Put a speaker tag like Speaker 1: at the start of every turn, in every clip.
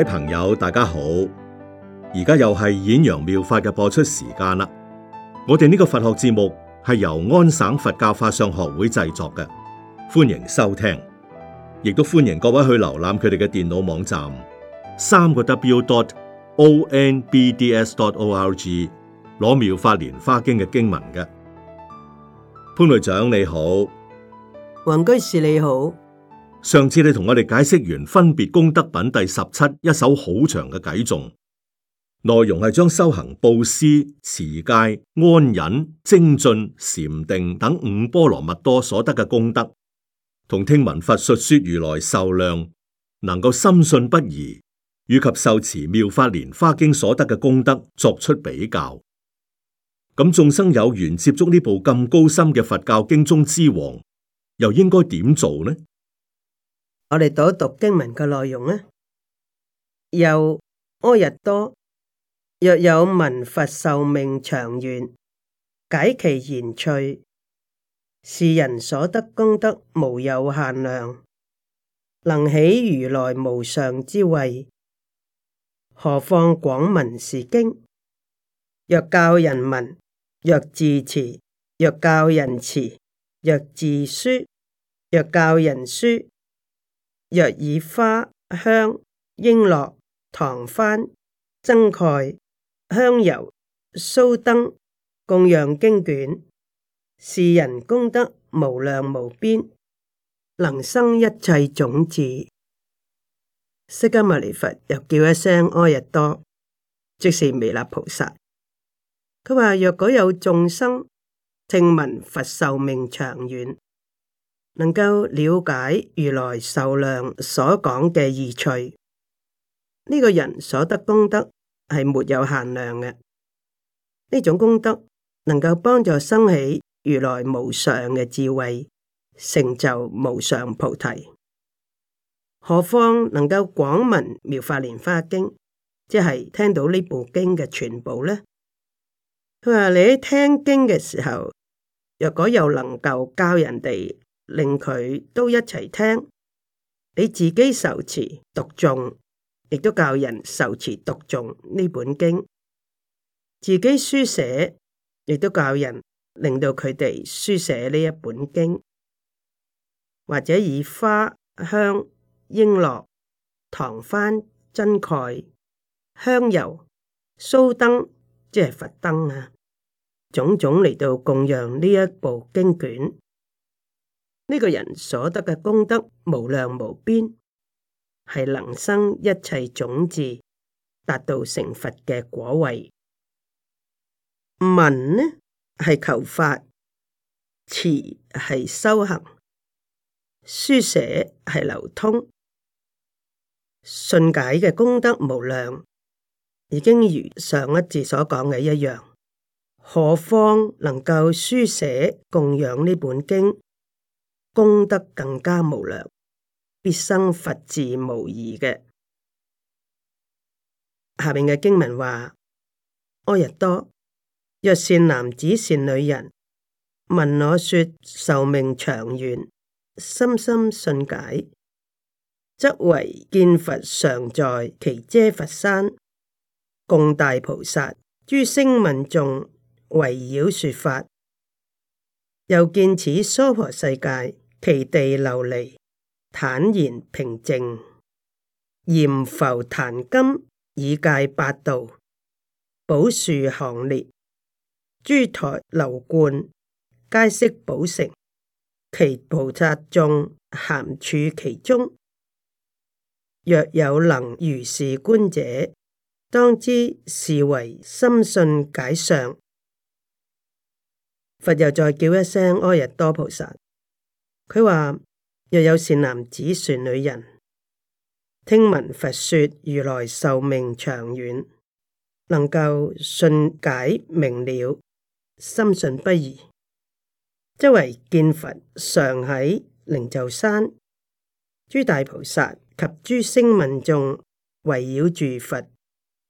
Speaker 1: 各位朋友，大家好！而家又係演揚妙法嘅播出時間啦。我哋呢個佛學節目係由安省佛教法相學會製作嘅，歡迎收聽，亦都歡迎各位去瀏覽佢哋嘅電腦網站三個 W dot ONBDS dot ORG 攞《妙法蓮花經》嘅經文嘅。潘隊長你好，
Speaker 2: 雲居士你好。
Speaker 1: 上次你同我哋解釋完分別功德品第十七一首好長嘅偈頌，內容係將修行布施、持戒、安忍、精進、禪定等五波羅蜜多所得嘅功德，同聽聞佛述說如來壽量，能夠深信不疑，以及受持妙法蓮華經所得嘅功德作出比較。咁眾生有緣接觸呢部咁高深嘅佛教經中之王，又應該點做呢？
Speaker 2: 我哋讀一讀經文嘅內容啊，又阿逸多，若有聞佛壽命長遠，解其言趣，是人所得功德無有限量，能起如來無上之慧，何況廣聞是經？若教人聞，若自持，若教人持，若自書，若教人書。若以花香、瓔珞、幢幡、繒蓋、香油、酥燈供養經卷，是人功德無量無邊，能生一切種子。釋迦牟尼佛又叫一聲阿逸多，即是彌勒菩薩。佢話：若果有眾生聽聞佛壽命長遠。能夠了解如來壽量所講嘅義趣，呢個人所得功德係沒有限量嘅。呢種功德能夠幫助生起如來無上嘅智慧，成就無上菩提。何況能夠廣聞妙法蓮花經，即係聽到呢部經嘅全部呢？佢話你喺聽經嘅時候，若果又能夠教人哋。令佢都一齊聽，你自己受持讀誦，亦都教人受持讀誦呢本經，自己書寫，亦都教人令到佢哋書寫呢一本經，或者以花香、瓔珞、幢幡、繒蓋、香油、酥燈，即係佛燈啊，種種嚟到供養呢一部經卷。呢個人所得嘅功德無量無邊，係能生一切種子，達到成佛嘅果位。文呢係求法，詞係修行，書寫係流通。信解嘅功德無量，已經如上一字所講嘅一樣，何況能夠書寫供養呢本經？功德更加無量，必生佛智無疑嘅。下面嘅經文話：阿逸多，若善男子善女人，聞我說壽命長遠，深心信解，則為見佛常在耆闍崛山，共大菩薩諸聲聞眾圍繞說法，又見此娑婆世界。其地琉璃，坦然平靜，嚴浮檀金以界八道，寶樹行列，諸台樓冠，皆悉寶成。其菩薩眾咸處其中。若有能如是觀者，當知是為深信解相。佛又再叫一聲：阿逸多菩薩。佢話：若有善男子、善女人，聽聞佛說如來壽命長遠，能夠信解明了，深信不疑。周圍見佛常喺靈鷲山，諸大菩薩及諸聲聞眾圍繞住佛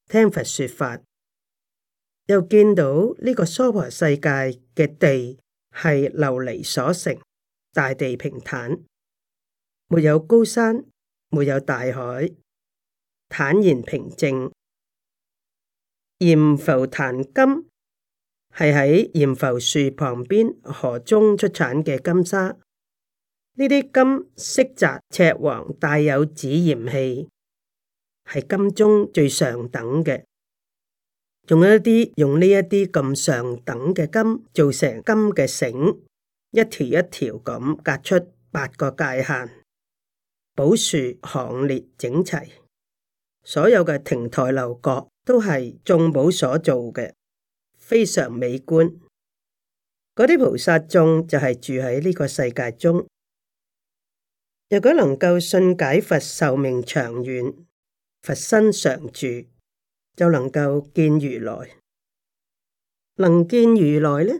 Speaker 2: 聽佛說法，又見到呢個娑婆世界嘅地係琉璃所成。大地平坦，沒有高山，沒有大海，坦然平靜。鹽浮檀金係喺鹽浮樹旁邊河中出產嘅金沙。呢啲金色澤赤黃，帶有紫鹽氣，係金中最上等嘅。仲有一啲用呢一啲咁上等嘅金做成金嘅繩。一條一條咁隔出八個界限，寶樹行列整齊，所有嘅亭台樓閣都係眾寶所做嘅，非常美觀。嗰啲菩薩眾就係住喺呢個世界中。若果能夠信解佛壽命長遠，佛身常住，就能夠見如來。能見如來呢？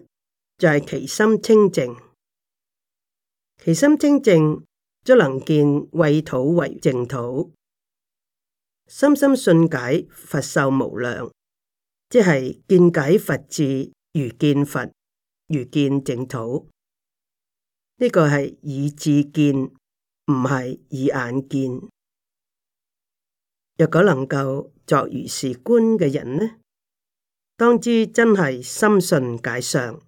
Speaker 2: 就係其心清淨，其心清淨則能見穢土為淨土，心心信解佛壽無量，即係見解佛智如見佛如見淨土，呢、這個係以智見，唔係以眼見。若果能夠作如是觀嘅人呢，當知真係心信解相。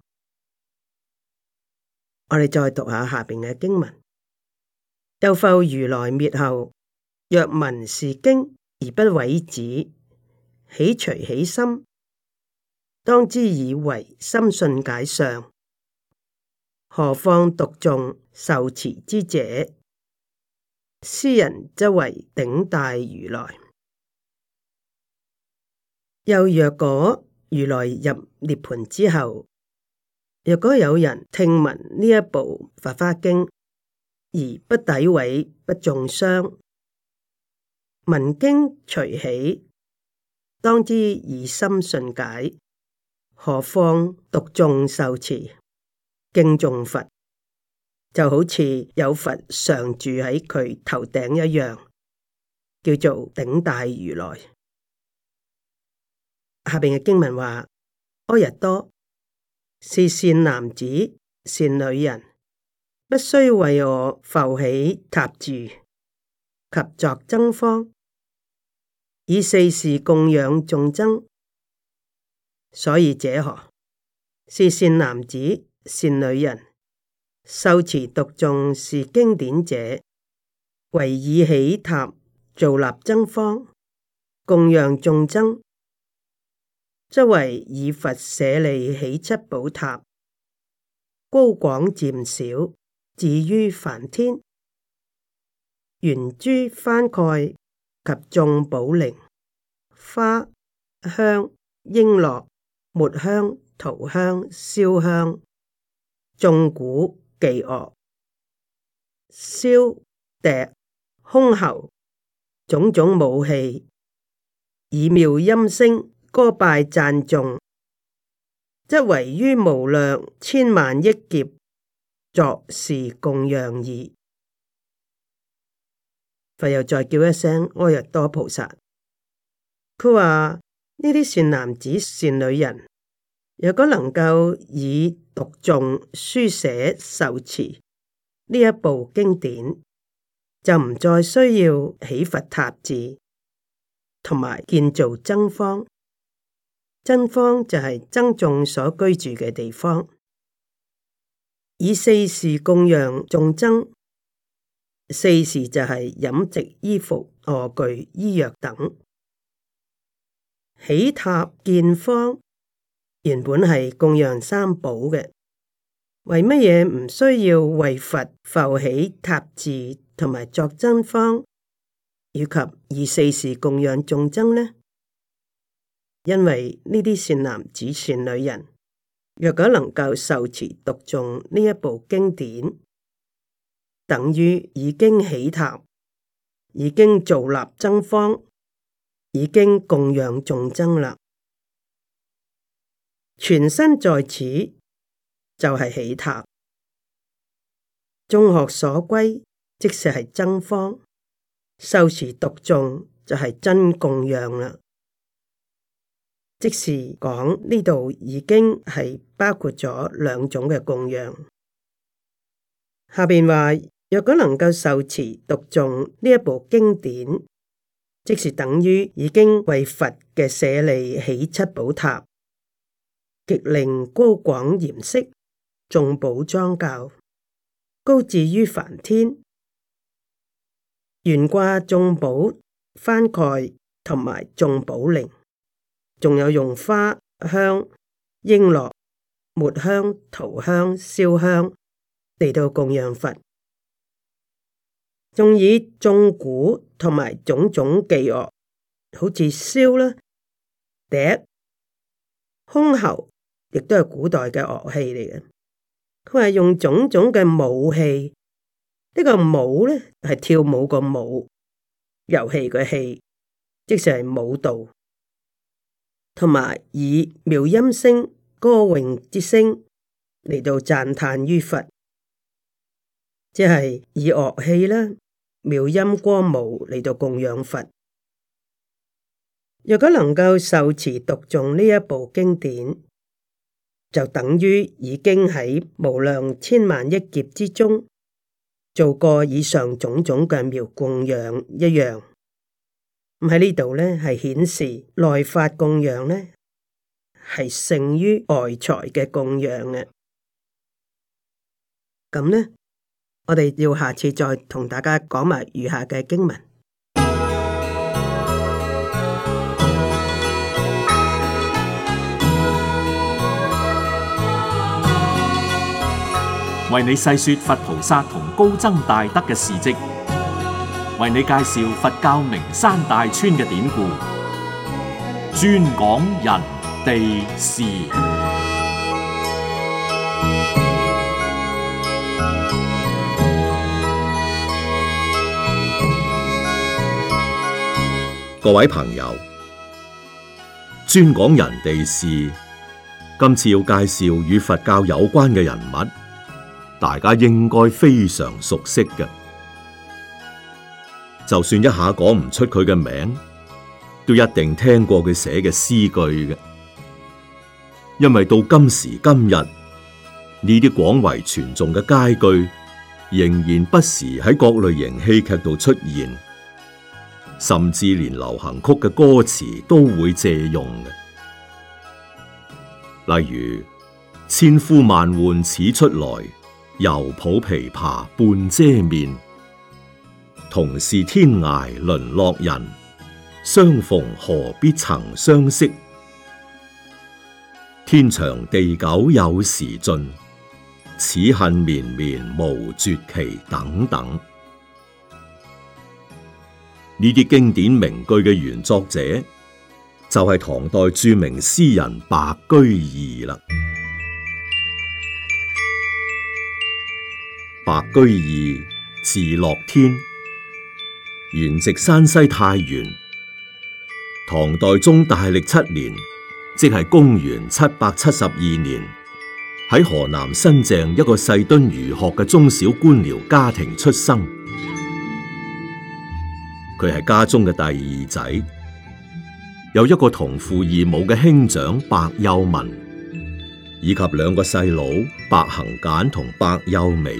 Speaker 2: 我哋再讀下下面嘅經文。又復如來滅後，若聞是經而不毀止，喜隨喜心，當知以為深信解相。何況讀誦受持之者？斯人則為頂戴如來。又若果如來入涅槃之後，若果有人聽聞呢一部《佛法花經》，而不詆毀、不中傷，聞經隨喜，當知以心信解，何況讀誦受持敬重佛？就好似有佛常住喺佢頭頂一樣，叫做頂戴如來。下邊嘅經文話：阿逸多。是善男子、善女人,不須為我復起塔寺及作僧坊，以四事供養眾僧。所以者何？是善男子、善女人受持讀誦是經典者，為以起塔造立僧坊供養眾僧。則為以佛舍利起七寶塔，高廣漸小，至于梵天，懸諸幡蓋及眾寶鈴、花香、瓔珞、末香、塗香、燒香，眾鼓伎樂、簫笛、箜篌種種舞戲，以妙音聲。歌拜讚頌，則為於無量千萬億劫作是供養矣。佛又再叫一聲阿若多菩薩，佢話呢啲善男子善女人，如果能夠以讀誦書寫受持呢一部經典，就唔再需要起佛塔寺，同埋建造僧坊。僧坊就係僧眾所居住嘅地方，以四事供養眾僧。四事就係飲食、衣服、臥具、醫藥等。起塔建坊原本係供養三寶嘅，為乜嘢唔需要為佛復起塔寺，同埋作僧坊，以及以四事供養眾僧呢？因為呢啲善男子善女人，若果能夠受持讀誦呢一部經典，等於已經起塔，已經造立僧坊，已經供養眾僧啦。全身在此就係、是、起塔，眾學所歸，即使係僧坊。受持讀誦就係真供養啦。即是講，呢度已經係包括咗兩種嘅供養。下面話，若果能夠受持讀誦呢一部經典，即是等於已經為佛嘅舍利起七寶塔，極令高廣嚴飾，重寶莊校，高至於梵天，懸掛重寶、幡蓋，同埋重寶鈴，仲有用花香、瓔珞、末香、塗香、燒香嚟到供養佛，仲以鐘鼓同埋種種伎樂，好似簫啦、笛、箜篌，亦都係古代嘅樂器嚟嘅。佢係用種種嘅舞戲，呢、這個舞咧係跳舞個舞，遊戲個戲，即使是係舞蹈。同埋以妙音聲、歌詠之聲嚟到讚歎於佛，即係以樂器啦、妙音歌舞嚟到供養佛。若果能夠受持讀誦呢一部經典，就等於已經喺無量千萬億劫之中做過以上種種嘅妙供養一樣。咁喺呢度咧，係顯示內法供養咧係勝於外財嘅供養嘅。咁咧，我哋要下次再同大家講埋餘下嘅經文。
Speaker 1: 為你細說佛菩薩同高僧大德嘅事跡。為你介紹佛教名山大川嘅典故，專講人地事。各位朋友，專講人地事，今次要介紹與佛教有關嘅人物，大家應該非常熟悉嘅。就算一下講唔出佢嘅名，都一定聽過佢寫嘅詩句嘅。因為到今時今日，呢啲廣為傳頌嘅佳句，仍然不時喺各類型戲劇度出現，甚至連流行曲嘅歌詞都會借用嘅。例如，千呼萬喚始出來，猶抱琵琶半遮面。同是天涯淪落人，相逢何必曾相識？天長地久有時盡，此恨綿綿無絕期。等等，呢啲經典名句嘅原作者就係、是、唐代著名詩人白居易啦。白居易，字樂天。原籍山西太原，唐代宗大曆七年，即係公元七百七十二年，喺河南新鄭一個世敦儒學嘅中小官僚家庭出生。佢係家中嘅第二仔，有一個同父異母嘅兄長白幼文，以及兩個細佬白行簡同白幼美。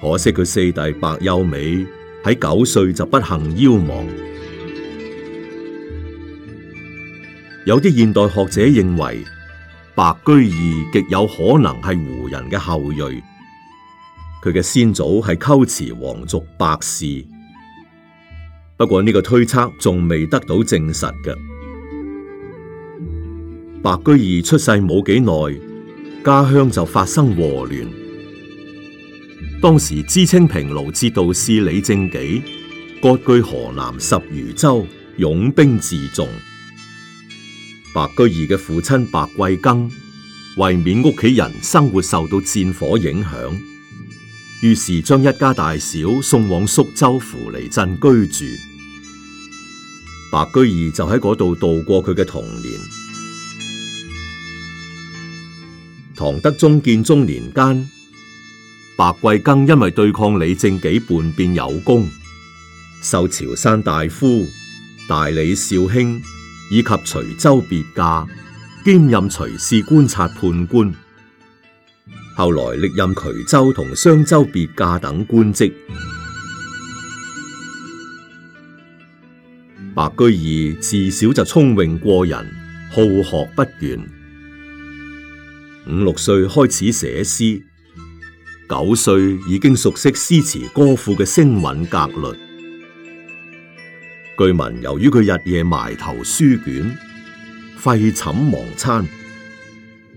Speaker 1: 可惜佢四弟白幼美。喺九歲就不幸夭亡。有啲現代學者認為，白居易極有可能係胡人嘅後裔，佢嘅先祖係龜茲皇族白氏。不過呢個推測仲未得到證實嘅。白居易出世冇幾耐，家鄉就發生禍亂。當時知青平盧節度使李正己割據河南十餘州，擁兵自重。白居易嘅父親白季庚為免屋企人生活受到戰火影響，於是將一家大小送往宿州符離鎮居住。白居易就喺嗰度度過佢嘅童年。唐德宗建中年間。白季庚因為對抗李正己叛變有功，受朝散大夫、大理少卿以及徐州別駕兼任徐泗觀察判官，後來歷任衢州同商州別駕等官職。白居易自小就聰穎過人，好學不倦，五六歲開始寫詩。九歲已經熟悉詩詞歌賦嘅聲韻格律。據聞，由於佢日夜埋頭書卷，廢寢忘餐，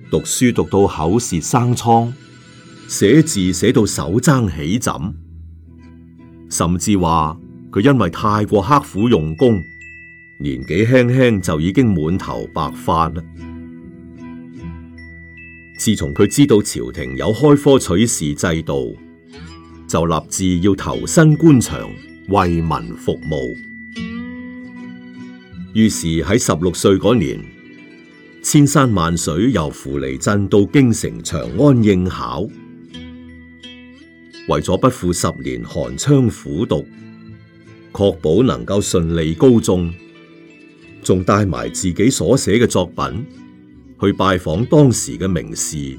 Speaker 1: 讀書讀到口舌生瘡，寫字寫到手踭起枕，甚至話佢因為太過刻苦用功，年紀輕輕就已經滿頭白髮啦。自從佢知道朝廷有開科取士制度，就立志要投身官場，為民服務。於是喺十六歲嗰年，千山萬水由符離鎮到京城長安應考，為咗不負十年寒窗苦讀，確保能夠順利高中，仲帶埋自己所寫嘅作品。去拜訪當時嘅名士，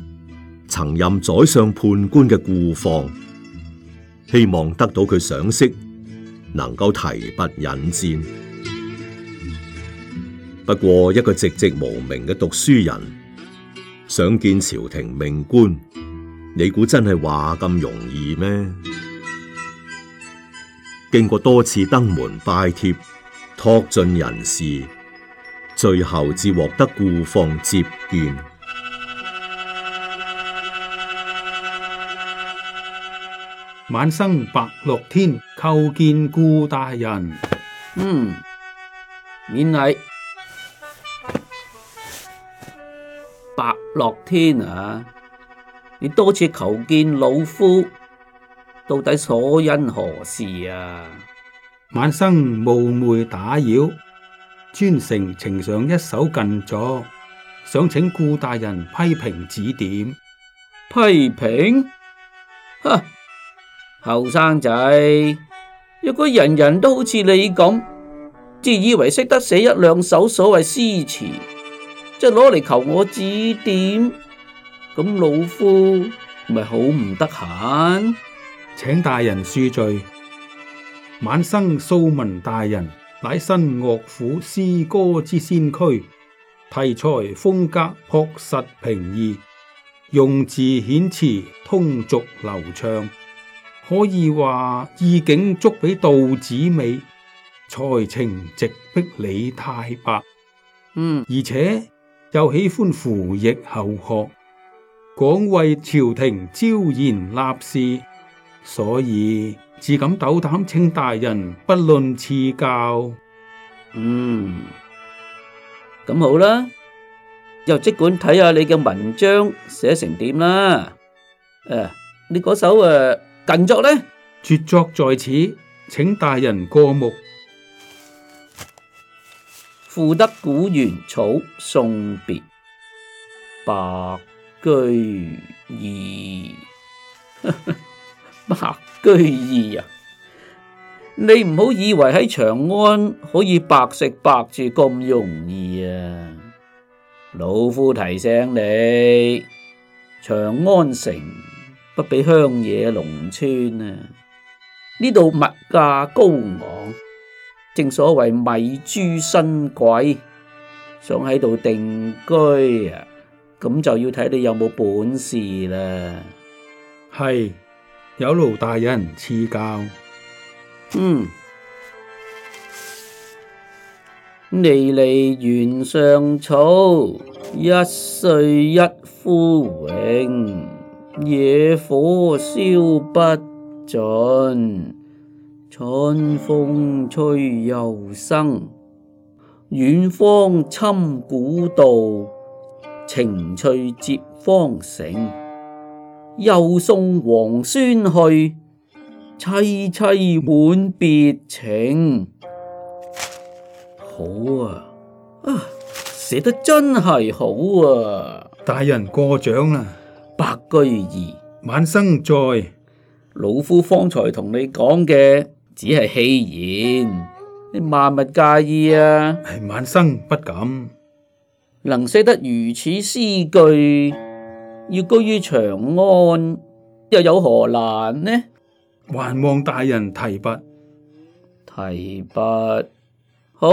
Speaker 1: 曾任宰相判官嘅顧況，希望得到佢賞識，能夠提拔引薦。 不過一個寂寂無名嘅讀書人，想見朝廷命官，你估真係話咁容易咩？經過多次登門拜帖，託盡人事。最後至獲得顧況接見。
Speaker 3: 晚生白樂天叩見顧大人。嗯，免禮。白樂天啊，
Speaker 4: 你多次求見老夫，到底所因何
Speaker 3: 事啊？晚生冒昧打擾，專程呈上一首近作，想請顧大人批評指點。批評？哼！後生仔，
Speaker 4: 若果人人都好似你咁，自以為識得寫一兩首所謂詩詞，即係攞嚟求我指點，咁
Speaker 3: 老夫咪好唔得閒。請大人恕罪，晚生素聞大人。乃新樂府詩歌之先驅，題材風格樸實平易，用字遣詞通俗流暢，可以話意境足比杜子美，才情直逼李太白。嗯，而且又喜歡扶翼後學，廣為朝廷招賢納士。所以自敢斗膽，請大人不吝賜教。嗯，
Speaker 4: 咁好看看啦，又即管睇下你嘅文章寫成
Speaker 3: 點啦。誒，你嗰首誒、啊、近作呢，絕作在此，請大人過目。賦
Speaker 4: 得古原草送別，白居易。 白居易啊，你唔好以為喺長安可以白食白住咁容易啊！老夫提醒你，長安城不比鄉野農村啊，呢度物價高昂，正所謂米珠薪桂，想喺度定居啊，咁就要睇你有冇本
Speaker 3: 事啦。係。有勞大人賜教。嗯，離離
Speaker 4: 原上草，一歲一枯榮。野火燒不盡，春風吹又生。遠芳侵古道，晴翠接荒城。又送王孫去，萋萋滿別情。好啊，啊，寫得真係好啊！大人過獎啦、啊，白居易晚生在，老夫方才同你講嘅只係戲言，你萬勿介意啊！係晚生不敢，能寫得如此詩句。要居於長安，又有何難呢？還望大人提拔，提拔好，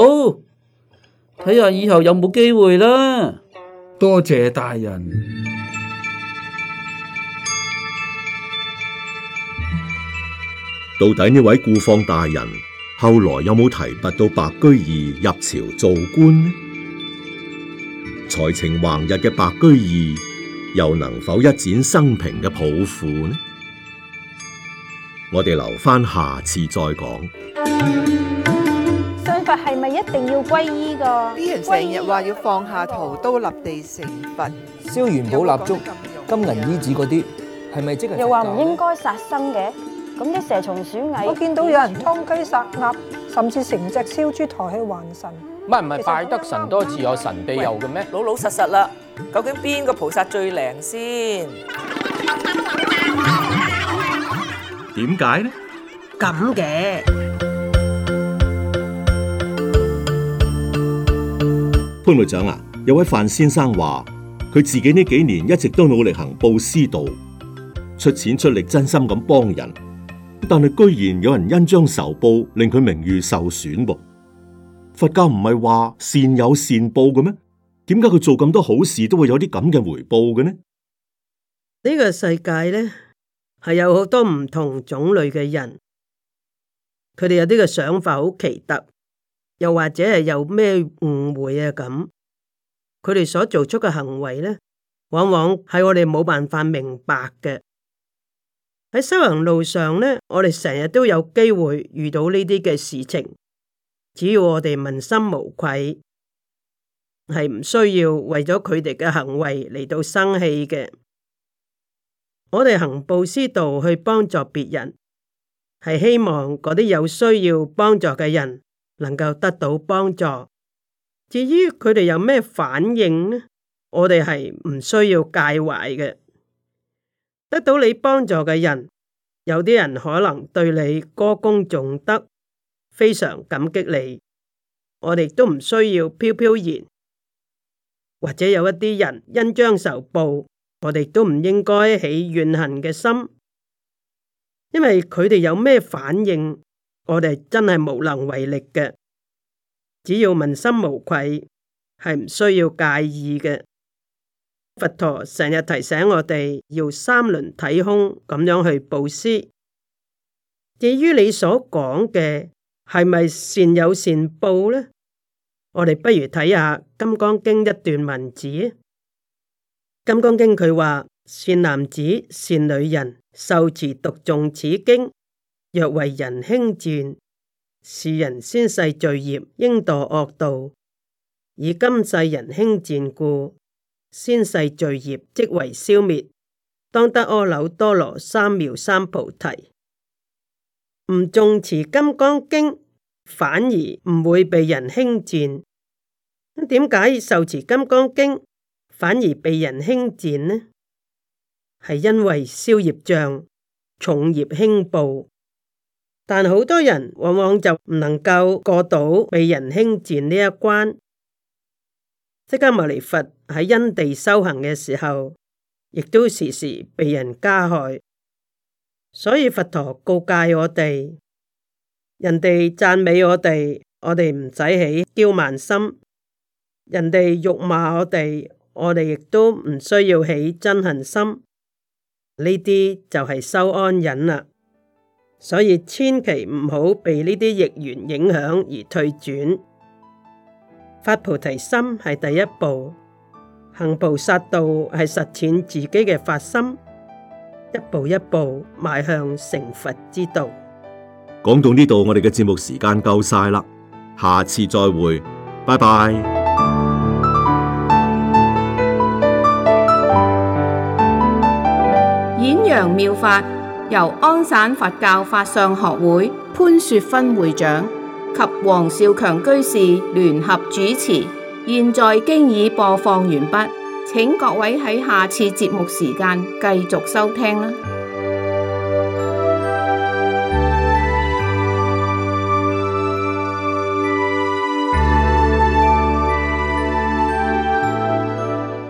Speaker 4: 睇下以後有冇機會啦。多謝大人。
Speaker 1: 到底呢位顧況大人後來有冇提拔到白居易入朝做官呢？才情橫溢嘅白居易，又能否一展生平嘅抱負呢？我哋留翻下，下次再講。
Speaker 4: 信佛係咪一定要皈依噶？啲
Speaker 1: 人成日話要放下屠刀立地成佛，燒元寶蠟燭、
Speaker 4: 金銀衣紙嗰啲，係咪、嗯、即係？又話唔應
Speaker 1: 該殺生嘅，咁啲蛇蟲鼠蟻，我
Speaker 4: 見到有人劏雞殺鴨，甚至成隻燒豬抬去還神。唔係唔係，拜得神多自有神庇佑嘅咩？老老實實啦。究竟邊個菩薩最靈先？
Speaker 1: 點解呢？
Speaker 2: 咁嘅，
Speaker 1: 潘會長啊，有位范先生話佢自己呢幾年一直都努力行布施道，出錢出力，真心咁幫人，但係居然有人恩將仇報，令佢名譽受損噃。佛教唔係話善有善報嘅咩？點解佢做咁多好事都會有啲咁嘅回報嘅呢？
Speaker 2: 呢個世界咧，係有好多唔同種類嘅人，佢哋有啲嘅想法好奇特，又或者係有咩誤會啊咁，佢哋所做出嘅行為咧，往往係我哋冇辦法明白嘅。喺修行路上咧，我哋成日都有機會遇到呢啲嘅事情，只要我哋問心無愧。係唔需要為咗佢哋嘅行為嚟到生氣嘅。我哋行布施道去幫助別人，係希望嗰啲有需要幫助嘅人能夠得到幫助。至於佢哋有咩反應呢，我哋係唔需要介懷嘅。得到你幫助嘅人，有啲人可能對你歌功頌德，非常感激你。我哋都唔需要飄飄然。或者有一啲人恩將仇報，我哋都唔應該起怨恨嘅心，因為佢哋有咩反應，我哋真係無能為力嘅。只要問心無愧，係唔需要介意嘅。佛陀成日提醒我哋要三輪體空，咁樣去布施。至於你所講嘅係咪善有善報呢？我哋不如睇下《金剛經》一段文字，《金剛經》佢話善男子、善女人受持讀誦此經，若為人輕賤，是人先世罪業應墮惡道。以今世人輕賤故，先世罪業即為消滅。當得阿耨多羅三藐三菩提。唔誦持《金剛經》。反而唔會被人輕賤，咁點解受持金剛經反而被人輕賤呢？係因為消業障，重業輕報，但好多人往往就唔能夠過到被人輕賤呢一關。釋迦牟尼佛喺因地修行嘅時候，亦都時時被人加害，所以佛陀告誡我哋。人哋讚美我哋，我哋唔使起驕慢心；人哋辱罵我哋，我哋亦都唔需要起憎恨心。呢啲就係修安忍啦。所以千祈唔好被呢啲逆緣影響而退轉。發菩提心係第一步，行菩薩道係實踐自己嘅發心，一步一步邁向成佛之道。
Speaker 1: 講到呢度，我哋嘅節目時間夠晒啦，下次再會，拜拜。
Speaker 4: 演揚妙法由安省佛教法相學會潘雪芬會長及黃少強居士聯合主持，現在經已播放完畢，請各位喺下次節目時間繼續收聽啦。